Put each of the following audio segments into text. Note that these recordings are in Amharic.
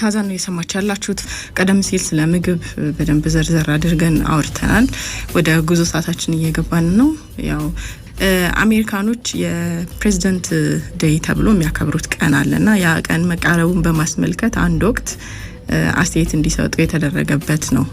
ታዛ ነው የሰማች ያላችሁት። ቀደም ሲል ስለ ምግብ በደንብ ዘርዘር አድርገን አውርተናል። ወደ ጉዞ ሰዓታችን እየገባን ነው። ያው አሜሪካኖች የፕሬዚደንት ደይ ተብሎ የሚያከብሩት ቀን አለና ያ ቀን መቃረቡን በማስመልከት አንድ ወቅት አስተያየት እንዲሰጡ የተደረገበት ነው።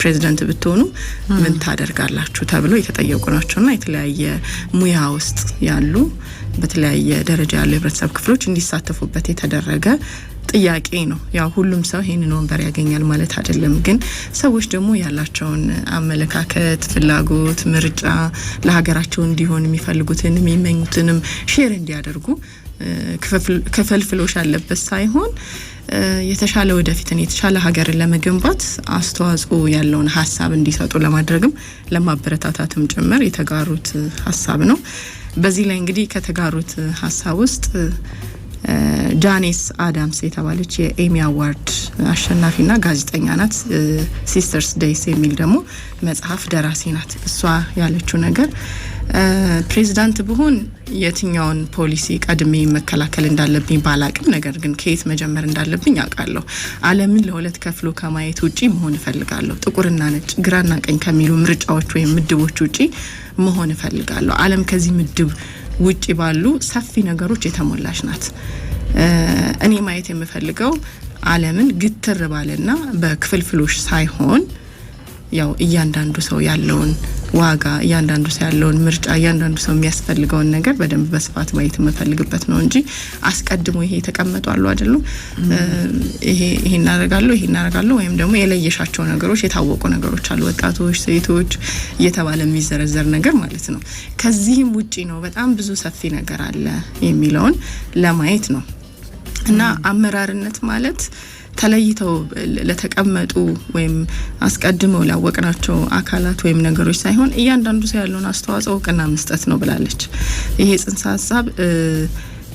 ፕሬዚደንት ብትሆኑ ምን ታደርጋላችሁ ተብሎ የተጠየቁ ናቸውና የተለያየ ሙያ ውስጥ ያሉ በተለያየ ደረጃ ያሉ የህብረተሰብ ክፍሎች እንዲሳተፉበት የተደረገ ጥያቄ ነው። ያው ሁሉም ሰው ይህንን ወንበር ያገኛል ማለት አይደለም። ግን ሰዎች ደግሞ ያላቸውን አመለካከት፣ ፍላጎት፣ ምርጫ ለሀገራቸው እንዲሆን የሚፈልጉትንም የሚመኙትንም ሼር እንዲያደርጉ ክፍልፍሎሽ ያለበት ሳይሆን የተሻለ ወደፊትን የተሻለ ሀገርን ለመገንባት አስተዋጽኦ ያለውን ሀሳብ እንዲሰጡ ለማድረግም ለማበረታታትም ጭምር የተጋሩት ሀሳብ ነው። በዚህ ላይ እንግዲህ ከተጋሩት ሀሳብ ውስጥ ጃኒስ አዳምስ የተባለች የኤሚ አዋርድ አሸናፊና ጋዜጠኛ ናት። ሲስተርስ ደይስ የሚል ደግሞ መጽሐፍ ደራሲ ናት። እሷ ያለችው ነገር ፕሬዚዳንት ብሆን የትኛውን ፖሊሲ ቀድሜ መከላከል እንዳለብኝ ባላቅም፣ ነገር ግን ከየት መጀመር እንዳለብኝ አውቃለሁ። ዓለምን ለሁለት ከፍሎ ከማየት ውጪ መሆን እፈልጋለሁ። ጥቁርና ነጭ፣ ግራና ቀኝ ከሚሉ ምርጫዎች ወይም ምድቦች ውጪ መሆን እፈልጋለሁ። ዓለም ከዚህ ምድብ ውጭ ባሉ ሰፊ ነገሮች የተሞላች ናት። እኔ ማየት የምፈልገው ዓለምን ግትር ባለና በክፍልፍሎች ሳይሆን ያው እያንዳንዱ ሰው ያለውን ዋጋ እያንዳንዱ ሰው ያለውን ምርጫ እያንዳንዱ ሰው የሚያስፈልገውን ነገር በደንብ በስፋት ማየት የምፈልግበት ነው እንጂ አስቀድሞ ይሄ የተቀመጡ አሉ አይደሉም፣ ይሄ ይሄ እናደርጋለሁ ይሄ እናደርጋለሁ ወይም ደግሞ የለየሻቸው ነገሮች የታወቁ ነገሮች አሉ፣ ወጣቶች፣ ሴቶች እየተባለ የሚዘረዘር ነገር ማለት ነው። ከዚህም ውጪ ነው በጣም ብዙ ሰፊ ነገር አለ የሚለውን ለማየት ነው እና አመራርነት ማለት ተለይተው ለተቀመጡ ወይም አስቀድመው ላወቅናቸው አካላት ወይም ነገሮች ሳይሆን እያንዳንዱ ሰው ያለውን አስተዋጽኦ እውቅና መስጠት ነው ብላለች። ይሄ ጽንሰ ሀሳብ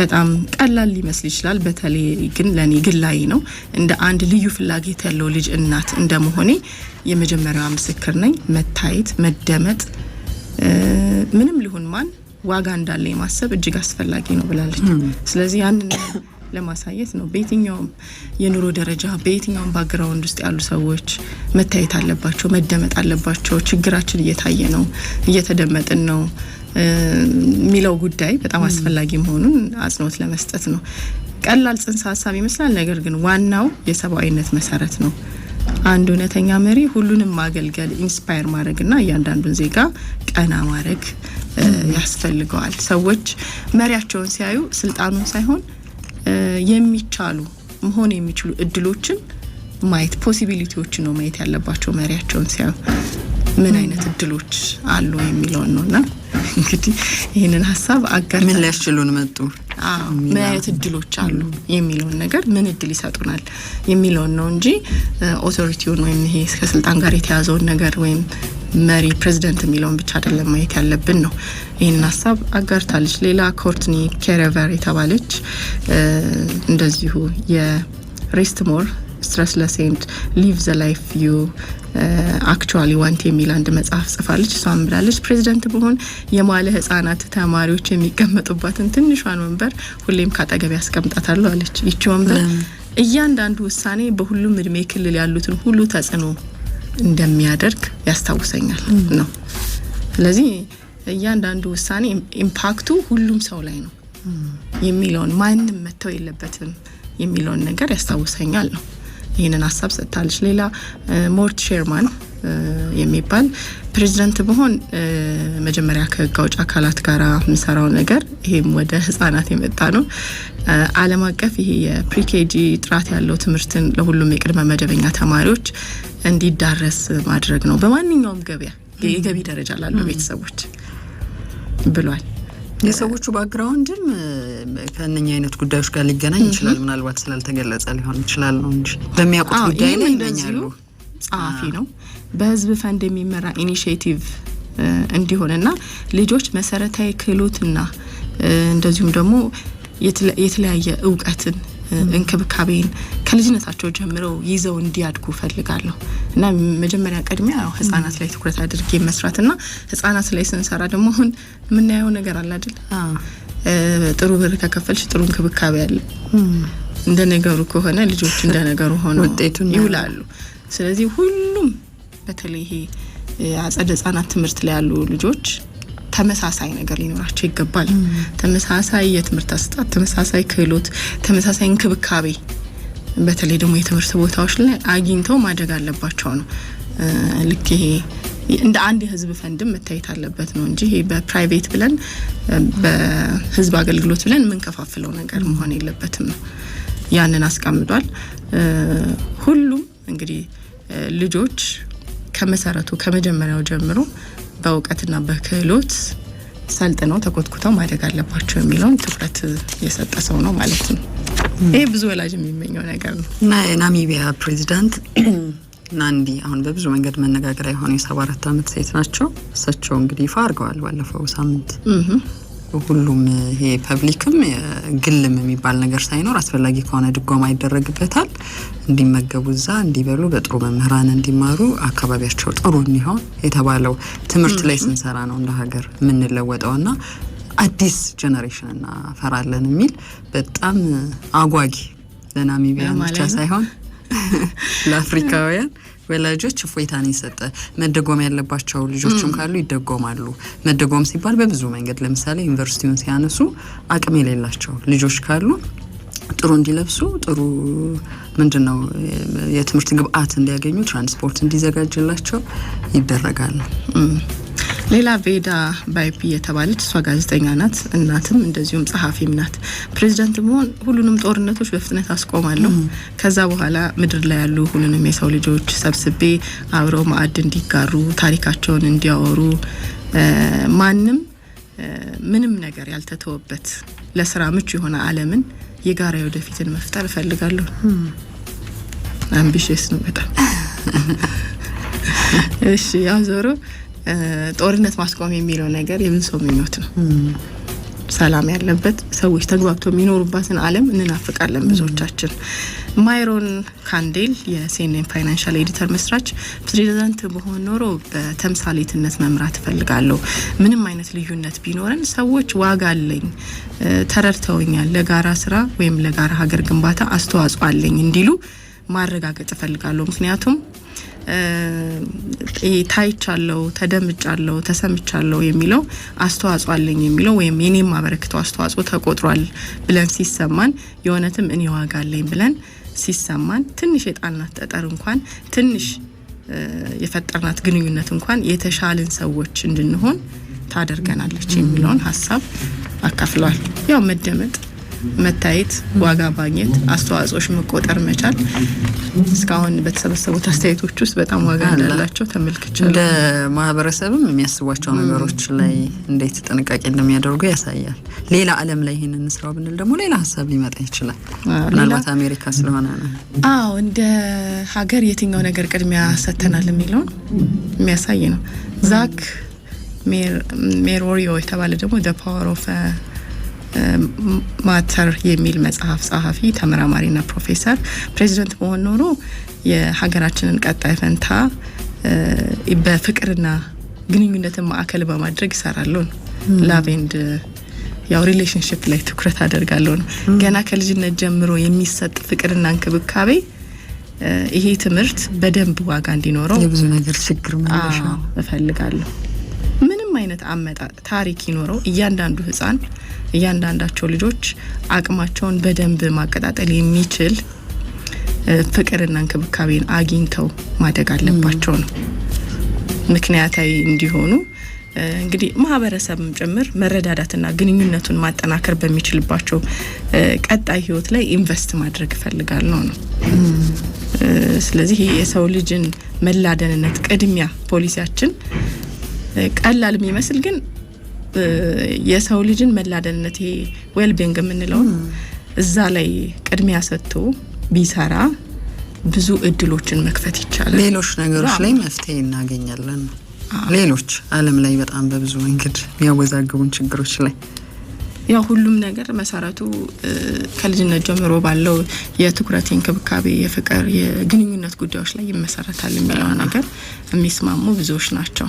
በጣም ቀላል ሊመስል ይችላል። በተለይ ግን ለእኔ ግላዊ ነው። እንደ አንድ ልዩ ፍላጎት ያለው ልጅ እናት እንደመሆኔ የመጀመሪያዋ ምስክር ነኝ። መታየት፣ መደመጥ፣ ምንም ሊሆን ማን ዋጋ እንዳለ የማሰብ እጅግ አስፈላጊ ነው ብላለች። ስለዚህ ያንን ለማሳየት ነው። በየትኛውም የኑሮ ደረጃ በየትኛውም ባግራውንድ ውስጥ ያሉ ሰዎች መታየት አለባቸው፣ መደመጥ አለባቸው። ችግራችን እየታየ ነው፣ እየተደመጥን ነው የሚለው ጉዳይ በጣም አስፈላጊ መሆኑን አጽንኦት ለመስጠት ነው። ቀላል ጽንሰ ሀሳብ ይመስላል፣ ነገር ግን ዋናው የሰብአዊነት መሰረት ነው። አንድ እውነተኛ መሪ ሁሉንም ማገልገል፣ ኢንስፓየር ማድረግና እያንዳንዱን ዜጋ ቀና ማድረግ ያስፈልገዋል። ሰዎች መሪያቸውን ሲያዩ ስልጣኑን ሳይሆን የሚቻሉ መሆን የሚችሉ እድሎችን ማየት ፖሲቢሊቲዎችን ነው ማየት ያለባቸው። መሪያቸውን ሲያዩ ምን አይነት እድሎች አሉ የሚለውን ነው እና እንግዲህ ይህንን ሀሳብ አጋር ምን ሊያስችሉን መጡ፣ ማየት እድሎች አሉ የሚለውን ነገር ምን እድል ይሰጡናል የሚለውን ነው እንጂ ኦቶሪቲውን ወይም ይሄ ከስልጣን ጋር የተያዘውን ነገር ወይም መሪ ፕሬዚደንት የሚለውን ብቻ አይደለም ማየት ያለብን ነው። ይህንን ሀሳብ አጋርታለች። ሌላ ኮርትኒ ኬረቨር የተባለች እንደዚሁ የሬስት ሞር ስትረስለስ ሊቭ ዘ ላይፍ ዩ አክቹዋሊ ዋንት የሚል አንድ መጽሐፍ ጽፋለች። እሷም ብላለች ፕሬዚደንት መሆን የማለ ህጻናት ተማሪዎች የሚቀመጡባትን ትንሿን ወንበር ሁሌም ካጠገብ ያስቀምጣታሉ አለች። ይቺ ወንበር እያንዳንዱ ውሳኔ በሁሉም እድሜ ክልል ያሉትን ሁሉ ተጽዕኖ እንደሚያደርግ ያስታውሰኛል ነው። ስለዚህ እያንዳንዱ ውሳኔ ኢምፓክቱ ሁሉም ሰው ላይ ነው የሚለውን ማንም መተው የለበትም የሚለውን ነገር ያስታውሰኛል ነው። ይህንን ሀሳብ ሰጥታለች። ሌላ ሞርት ሼርማን የሚባል ፕሬዚደንት በሆን መጀመሪያ ከህግ አውጭ አካላት ጋር የምሰራው ነገር ይሄም ወደ ህጻናት የመጣ ነው። ዓለም አቀፍ ይሄ የፕሪኬጂ ጥራት ያለው ትምህርትን ለሁሉም የቅድመ መደበኛ ተማሪዎች እንዲዳረስ ማድረግ ነው። በማንኛውም ገበያ የገቢ ደረጃ ላለው ቤተሰቦች ብሏል። የሰዎቹ ባክግራውንድም ከእነኛ አይነት ጉዳዮች ጋር ሊገናኝ ይችላል። ምናልባት ስላልተገለጸ ሊሆን ይችላል ነው እንጂ በሚያውቁት ጉዳይ ላይ ይገኛሉ። ጸሐፊ ነው። በህዝብ ፈንድ የሚመራ ኢኒሽቲቭ እንዲሆንና ልጆች መሰረታዊ ክህሎትና እንደዚሁም ደግሞ የተለያየ እውቀትን እንክብካቤን ከልጅነታቸው ጀምረው ይዘው እንዲያድጉ ፈልጋለሁ እና መጀመሪያ ቅድሚያ ያው ህጻናት ላይ ትኩረት አድርጌ መስራት እና ህጻናት ላይ ስንሰራ ደግሞ አሁን የምናየው ነገር አለ አይደል? ጥሩ ብር ከከፈልሽ ጥሩ እንክብካቤ አለ። እንደ ነገሩ ከሆነ ልጆች እንደ ነገሩ ሆነው ይውላሉ። ስለዚህ ሁሉም በተለይ ይሄ አጸደ ህጻናት ትምህርት ላይ ያሉ ልጆች ተመሳሳይ ነገር ሊኖራቸው ይገባል። ተመሳሳይ የትምህርት አሰጣጥ፣ ተመሳሳይ ክህሎት፣ ተመሳሳይ እንክብካቤ በተለይ ደግሞ የትምህርት ቦታዎች ላይ አግኝተው ማደግ አለባቸው ነው። ልክ ይሄ እንደ አንድ የህዝብ ፈንድም መታየት አለበት ነው እንጂ በፕራይቬት ብለን በህዝብ አገልግሎት ብለን የምንከፋፍለው ነገር መሆን የለበትም ነው። ያንን አስቀምጧል ሁሉም እንግዲህ ልጆች ከመሰረቱ ከመጀመሪያው ጀምሮ በእውቀትና በክህሎት ሰልጥነው ተኮትኩተው ማደግ አለባቸው የሚለውን ትኩረት የሰጠ ሰው ነው ማለት ነው። ይህ ብዙ ወላጅ የሚመኘው ነገር ነው እና የናሚቢያ ፕሬዚዳንት ናንዲ አሁን በብዙ መንገድ መነጋገሪያ የሆኑ የሰባ አራት ዓመት ሴት ናቸው። እሳቸው እንግዲህ ይፋ አድርገዋል ባለፈው ሳምንት ሁሉም ይሄ ፐብሊክም ግልም የሚባል ነገር ሳይኖር አስፈላጊ ከሆነ ድጎማ ይደረግበታል። እንዲመገቡ እዛ እንዲበሉ፣ በጥሩ መምህራን እንዲማሩ፣ አካባቢያቸው ጥሩ እንዲሆን የተባለው ትምህርት ላይ ስንሰራ ነው እንደ ሀገር ና አዲስ ጀኔሬሽን እናፈራለን የሚል በጣም አጓጊ ለናሚቢያን ብቻ ሳይሆን ለአፍሪካውያን ወላጆች እፎይታን የሰጠ መደጎም ያለባቸው ልጆችም ካሉ ይደጎማሉ። መደጎም ሲባል በብዙ መንገድ ለምሳሌ ዩኒቨርሲቲውን ሲያነሱ አቅም የሌላቸው ልጆች ካሉ ጥሩ እንዲለብሱ ጥሩ ምንድን ነው የትምህርት ግብዓት እንዲያገኙ ትራንስፖርት እንዲዘጋጅላቸው ይደረጋል። ሌላ ቬዳ ባይፒ የተባለች እሷ ጋዜጠኛ ናት፣ እናትም እንደዚሁም ጸሐፊም ናት። ፕሬዚዳንት መሆን ሁሉንም ጦርነቶች በፍጥነት አስቆማለሁ፣ ከዛ በኋላ ምድር ላይ ያሉ ሁሉንም የሰው ልጆች ሰብስቤ አብረው ማዕድ እንዲጋሩ ታሪካቸውን እንዲያወሩ ማንም ምንም ነገር ያልተተወበት ለስራ ምቹ የሆነ ዓለምን የጋራ ወደፊትን መፍጠር እፈልጋለሁ። አምቢሽስ ነው በጣም። እሺ ያው ጦርነት ማስቆም የሚለው ነገር የምን ሰው ምኞት ነው። ሰላም ያለበት ሰዎች ተግባብቶ የሚኖሩባትን ዓለም እንናፍቃለን ብዙዎቻችን። ማይሮን ካንዴል የሲኤንኤን ፋይናንሻል ኤዲተር መስራች፣ ፕሬዚዳንት በሆን ኖሮ በተምሳሌትነት መምራት እፈልጋለሁ። ምንም አይነት ልዩነት ቢኖረን ሰዎች ዋጋ አለኝ፣ ተረድተውኛል፣ ለጋራ ስራ ወይም ለጋራ ሀገር ግንባታ አስተዋጽኦ አለኝ እንዲሉ ማረጋገጥ እፈልጋለሁ ምክንያቱም ታይቻለው፣ ተደምጫለው፣ ተሰምቻለው የሚለው አስተዋጽኦ አለኝ የሚለው ወይም የኔ አበረክተው አስተዋጽኦ ተቆጥሯል ብለን ሲሰማን የእውነትም እኔ ዋጋ አለኝ ብለን ሲሰማን ትንሽ የጣልናት ጠጠር እንኳን ትንሽ የፈጠርናት ግንኙነት እንኳን የተሻልን ሰዎች እንድንሆን ታደርገናለች የሚለውን ሀሳብ አካፍሏል። ያው መደመጥ መታየት፣ ዋጋ ማግኘት፣ አስተዋጽኦች መቆጠር መቻል እስካሁን በተሰበሰቡት አስተያየቶች ውስጥ በጣም ዋጋ እንዳላቸው ተመልክቻለሁ። እንደ ማህበረሰብም የሚያስቧቸው ነገሮች ላይ እንዴት ጥንቃቄ እንደሚያደርጉ ያሳያል። ሌላ ዓለም ላይ ይህንን እንስራው ብንል ደግሞ ሌላ ሀሳብ ሊመጣ ይችላል። ምናልባት አሜሪካ ስለሆነ ነው። አዎ እንደ ሀገር የትኛው ነገር ቅድሚያ ሰጥተናል የሚለውን የሚያሳይ ነው። ዛክ ሜሮሪዮ የተባለ ደግሞ ፓወር ኦፍ ማተር የሚል መጽሐፍ ጸሐፊ ተመራማሪና ፕሮፌሰር ፕሬዚደንት መሆን ኖሮ የሀገራችንን ቀጣይ ፈንታ በፍቅርና ግንኙነትን ማዕከል በማድረግ ይሰራሉ ነው። ላቭ ያው ሪሌሽንሽፕ ላይ ትኩረት አደርጋለሁ ነው። ገና ከልጅነት ጀምሮ የሚሰጥ ፍቅርና እንክብካቤ ይሄ ትምህርት በደንብ ዋጋ እንዲኖረው የብዙ ነገር ችግር መለሻ እፈልጋለሁ። አይነት ታሪክ ይኖረው እያንዳንዱ ህፃን እያንዳንዳቸው ልጆች አቅማቸውን በደንብ ማቀጣጠል የሚችል ፍቅርና እንክብካቤን አግኝተው ማደግ አለባቸው ነው። ምክንያታዊ እንዲሆኑ እንግዲህ ማህበረሰብም ጭምር መረዳዳትና ግንኙነቱን ማጠናከር በሚችልባቸው ቀጣይ ህይወት ላይ ኢንቨስት ማድረግ ነው ነው። ስለዚህ የሰው ልጅን መላደንነት ቅድሚያ ፖሊሲያችን ቀላል የሚመስል ግን የሰው ልጅን መላደነት ይሄ ዌልቢንግ የምንለው እዛ ላይ ቅድሚያ ሰጥቶ ቢሰራ ብዙ እድሎችን መክፈት ይቻላል። ሌሎች ነገሮች ላይ መፍትሄ እናገኛለን። ሌሎች ዓለም ላይ በጣም በብዙ መንገድ የሚያወዛግቡን ችግሮች ላይ ያው ሁሉም ነገር መሰረቱ ከልጅነት ጀምሮ ባለው የትኩረት፣ እንክብካቤ የፍቅር፣ የግንኙነት ጉዳዮች ላይ ይመሰረታል የሚለው ነገር የሚስማሙ ብዙዎች ናቸው።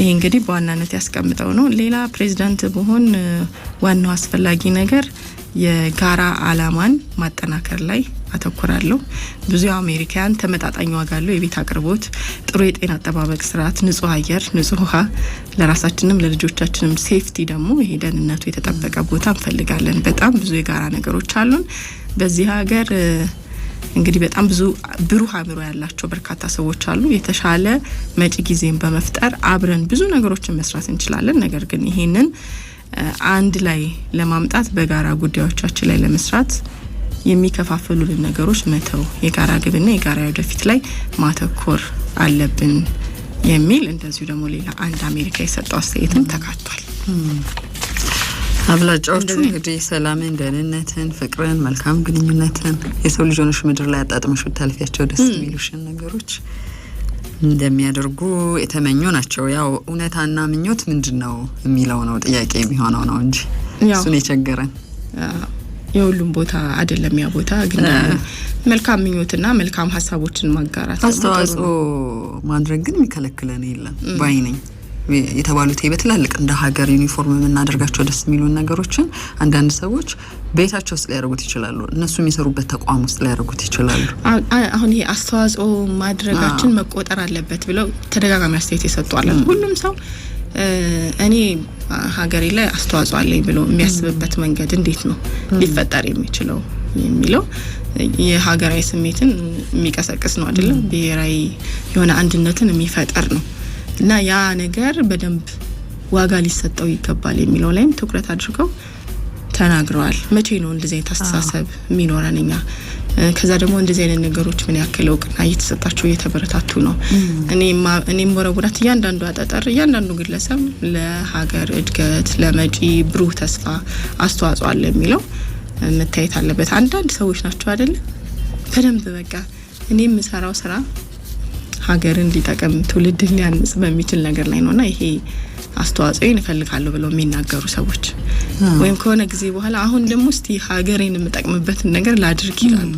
ይህ እንግዲህ በዋናነት ያስቀምጠው ነው። ሌላ ፕሬዚዳንት በሆን ዋናው አስፈላጊ ነገር የጋራ አላማን ማጠናከር ላይ አተኩራለሁ። ብዙ አሜሪካውያን ተመጣጣኝ ዋጋ ያለው የቤት አቅርቦት፣ ጥሩ የጤና አጠባበቅ ስርዓት፣ ንጹህ አየር፣ ንጹህ ውሃ፣ ለራሳችንም ለልጆቻችንም ሴፍቲ ደግሞ ይሄ ደህንነቱ የተጠበቀ ቦታ እንፈልጋለን። በጣም ብዙ የጋራ ነገሮች አሉን በዚህ ሀገር እንግዲህ በጣም ብዙ ብሩህ አእምሮ ያላቸው በርካታ ሰዎች አሉ። የተሻለ መጪ ጊዜን በመፍጠር አብረን ብዙ ነገሮችን መስራት እንችላለን። ነገር ግን ይሄንን አንድ ላይ ለማምጣት በጋራ ጉዳዮቻችን ላይ ለመስራት የሚከፋፍሉልን ነገሮች መተው፣ የጋራ ግብና የጋራ ወደፊት ላይ ማተኮር አለብን የሚል እንደዚሁ ደግሞ ሌላ አንድ አሜሪካ የሰጠው አስተያየትም ተካቷል። አብላጫዎቹ እንግዲህ ሰላምን፣ ደህንነትን፣ ፍቅርን፣ መልካም ግንኙነትን የሰው ልጅ ሆነሽ ምድር ላይ አጣጥመሽ ብታልፊያቸው ደስ የሚሉሽን ነገሮች እንደሚያደርጉ የተመኙ ናቸው። ያው እውነታና ምኞት ምንድን ነው የሚለው ነው ጥያቄ የሚሆነው ነው እንጂ እሱን የቸገረን የሁሉም ቦታ አይደለም። ያ ቦታ ግን መልካም ምኞትና መልካም ሀሳቦችን ማጋራት አስተዋጽኦ ማድረግ ግን የሚከለክለን የለም ባይ ነኝ። የተባሉት በትላልቅ እንደ ሀገር ዩኒፎርም የምናደርጋቸው ደስ የሚሉን ነገሮችን አንዳንድ ሰዎች ቤታቸው ውስጥ ሊያደርጉት ይችላሉ። እነሱ የሚሰሩበት ተቋም ውስጥ ሊያደርጉት ይችላሉ። አሁን ይሄ አስተዋጽኦ ማድረጋችን መቆጠር አለበት ብለው ተደጋጋሚ አስተያየት የሰጧል። ሁሉም ሰው እኔ ሀገሬ ላይ አስተዋጽኦ አለኝ ብሎ የሚያስብበት መንገድ እንዴት ነው ሊፈጠር የሚችለው የሚለው የሀገራዊ ስሜትን የሚቀሰቅስ ነው አይደለም? ብሔራዊ የሆነ አንድነትን የሚፈጠር ነው። እና ያ ነገር በደንብ ዋጋ ሊሰጠው ይገባል የሚለው ላይም ትኩረት አድርገው ተናግረዋል። መቼ ነው እንደዚህ አይነት አስተሳሰብ የሚኖረን እኛ? ከዛ ደግሞ እንደዚህ አይነት ነገሮች ምን ያክል እውቅና እየተሰጣቸው እየተበረታቱ ነው? እኔም ወረጉዳት እያንዳንዱ አጠጠር እያንዳንዱ ግለሰብ ለሀገር እድገት ለመጪ ብሩህ ተስፋ አስተዋጽኦ አለ የሚለው መታየት አለበት። አንዳንድ ሰዎች ናቸው አይደለም በደንብ በቃ እኔ የምሰራው ስራ ሀገርን ሊጠቅም ትውልድን ሊያንጽ በሚችል ነገር ላይ ነውና ይሄ አስተዋጽኦ እፈልጋለሁ ብለው የሚናገሩ ሰዎች ወይም ከሆነ ጊዜ በኋላ አሁን ደግሞ እስቲ ሀገሬን የምጠቅምበትን ነገር ላድርግ ይላሉ።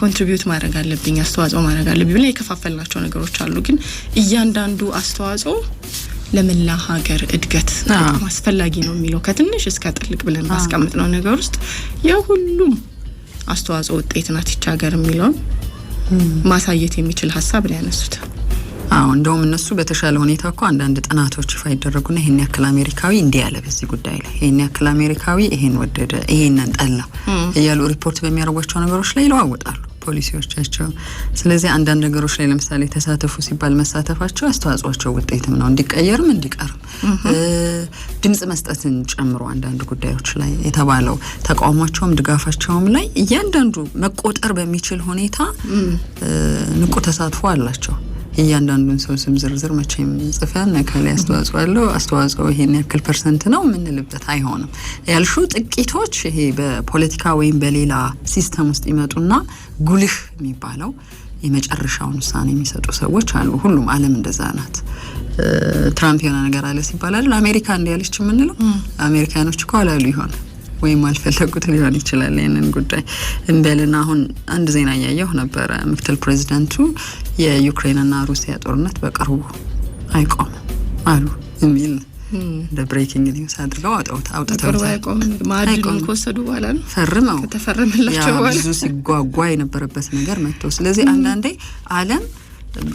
ኮንትሪቢዩት ማድረግ አለብኝ፣ አስተዋጽኦ ማድረግ አለብኝ ብላ የከፋፈልናቸው ነገሮች አሉ። ግን እያንዳንዱ አስተዋጽኦ ለመላ ሀገር እድገት አስፈላጊ ነው የሚለው ከትንሽ እስከ ጥልቅ ብለን ባስቀምጥ ነው ነገር ውስጥ የሁሉም አስተዋጽኦ ውጤት ናት ይች ሀገር የሚለውን ማሳየት የሚችል ሀሳብ ነው ያነሱት። አዎ እንደውም እነሱ በተሻለ ሁኔታ እኮ አንዳንድ ጥናቶች ይፋ ይደረጉና ይህን ያክል አሜሪካዊ እንዲህ ያለ በዚህ ጉዳይ ላይ ይህን ያክል አሜሪካዊ ይሄን ወደደ፣ ይሄንን ጠላ እያሉ ሪፖርት በሚያደርጓቸው ነገሮች ላይ ይለዋወጣሉ። ፖሊሲዎቻቸው። ስለዚህ አንዳንድ ነገሮች ላይ ለምሳሌ ተሳተፉ ሲባል መሳተፋቸው አስተዋጽኦቸው ውጤትም ነው፣ እንዲቀየርም እንዲቀርም ድምጽ መስጠትን ጨምሮ አንዳንድ ጉዳዮች ላይ የተባለው ተቃውሟቸውም ድጋፋቸውም ላይ እያንዳንዱ መቆጠር በሚችል ሁኔታ ንቁ ተሳትፎ አላቸው። እያንዳንዱን ሰው ስም ዝርዝር መቼም ጽፈን ከላይ አስተዋጽኦ አለው አስተዋጽኦ ይሄን ያክል ፐርሰንት ነው የምንልበት አይሆንም። ያልሹ ጥቂቶች ይሄ በፖለቲካ ወይም በሌላ ሲስተም ውስጥ ይመጡና ጉልህ የሚባለው የመጨረሻውን ውሳኔ የሚሰጡ ሰዎች አሉ። ሁሉም ዓለም እንደዛ ናት። ትራምፕ የሆነ ነገር አለ ይባላል አሜሪካ እንዲያለች የምንለው አሜሪካኖች እኮ አላሉ ይሆናል ወይም አልፈለጉት ሊሆን ይችላል ይህንን ጉዳይ እንበልና አሁን አንድ ዜና እያየሁ ነበረ። ምክትል ፕሬዚደንቱ የዩክሬንና ሩሲያ ጦርነት በቅርቡ አይቆምም አሉ የሚል እንደ ብሬኪንግ ኒውስ አድርገው አውጥተውታልማዕድሉን ከወሰዱ በኋላ ነው ፈርመው ከተፈረመላቸው በኋላ ብዙ ሲጓጓ የነበረበት ነገር መጥቶ ስለዚህ አንዳንዴ ዓለም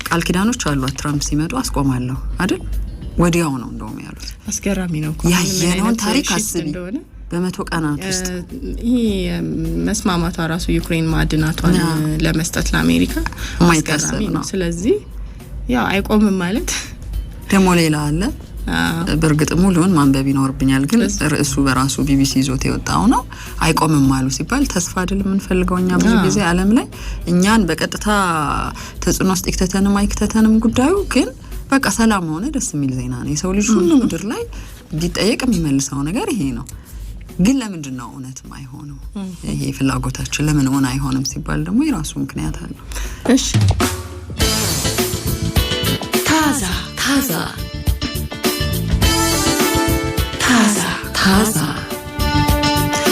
ቃል ኪዳኖች አሏት። ትራምፕ ሲመጡ አስቆማለሁ አይደል? ወዲያው ነው እንደውም ያሉት። አስገራሚ ነው ያየነውን ታሪክ አስቢ በመቶ ቀናት ውስጥ ይህ መስማማቷ ራሱ ዩክሬን ማዕድናቷን ለመስጠት ለአሜሪካ ማይታሰብ ነው። ስለዚህ ያው አይቆምም ማለት ደግሞ ሌላ አለ። በእርግጥ ሙሉውን ማንበብ ይኖርብኛል፣ ግን ርዕሱ በራሱ ቢቢሲ ይዞት የወጣው ነው። አይቆምም አሉ ሲባል ተስፋ አይደል የምንፈልገው እኛ ብዙ ጊዜ ዓለም ላይ እኛን በቀጥታ ተጽዕኖ ውስጥ ይክተተንም አይክተተንም ጉዳዩ ግን በቃ ሰላም ሆነ ደስ የሚል ዜና ነው። የሰው ልጅ ሁሉ ምድር ላይ ቢጠየቅ የሚመልሰው ነገር ይሄ ነው። ግን ለምንድነው እውነት የማይሆነው? ይሄ ፍላጎታችን ለምን እውን አይሆንም ሲባል ደግሞ የራሱ ምክንያት አለው። እሺ ታዛ ታዛ ታዛ ታዛ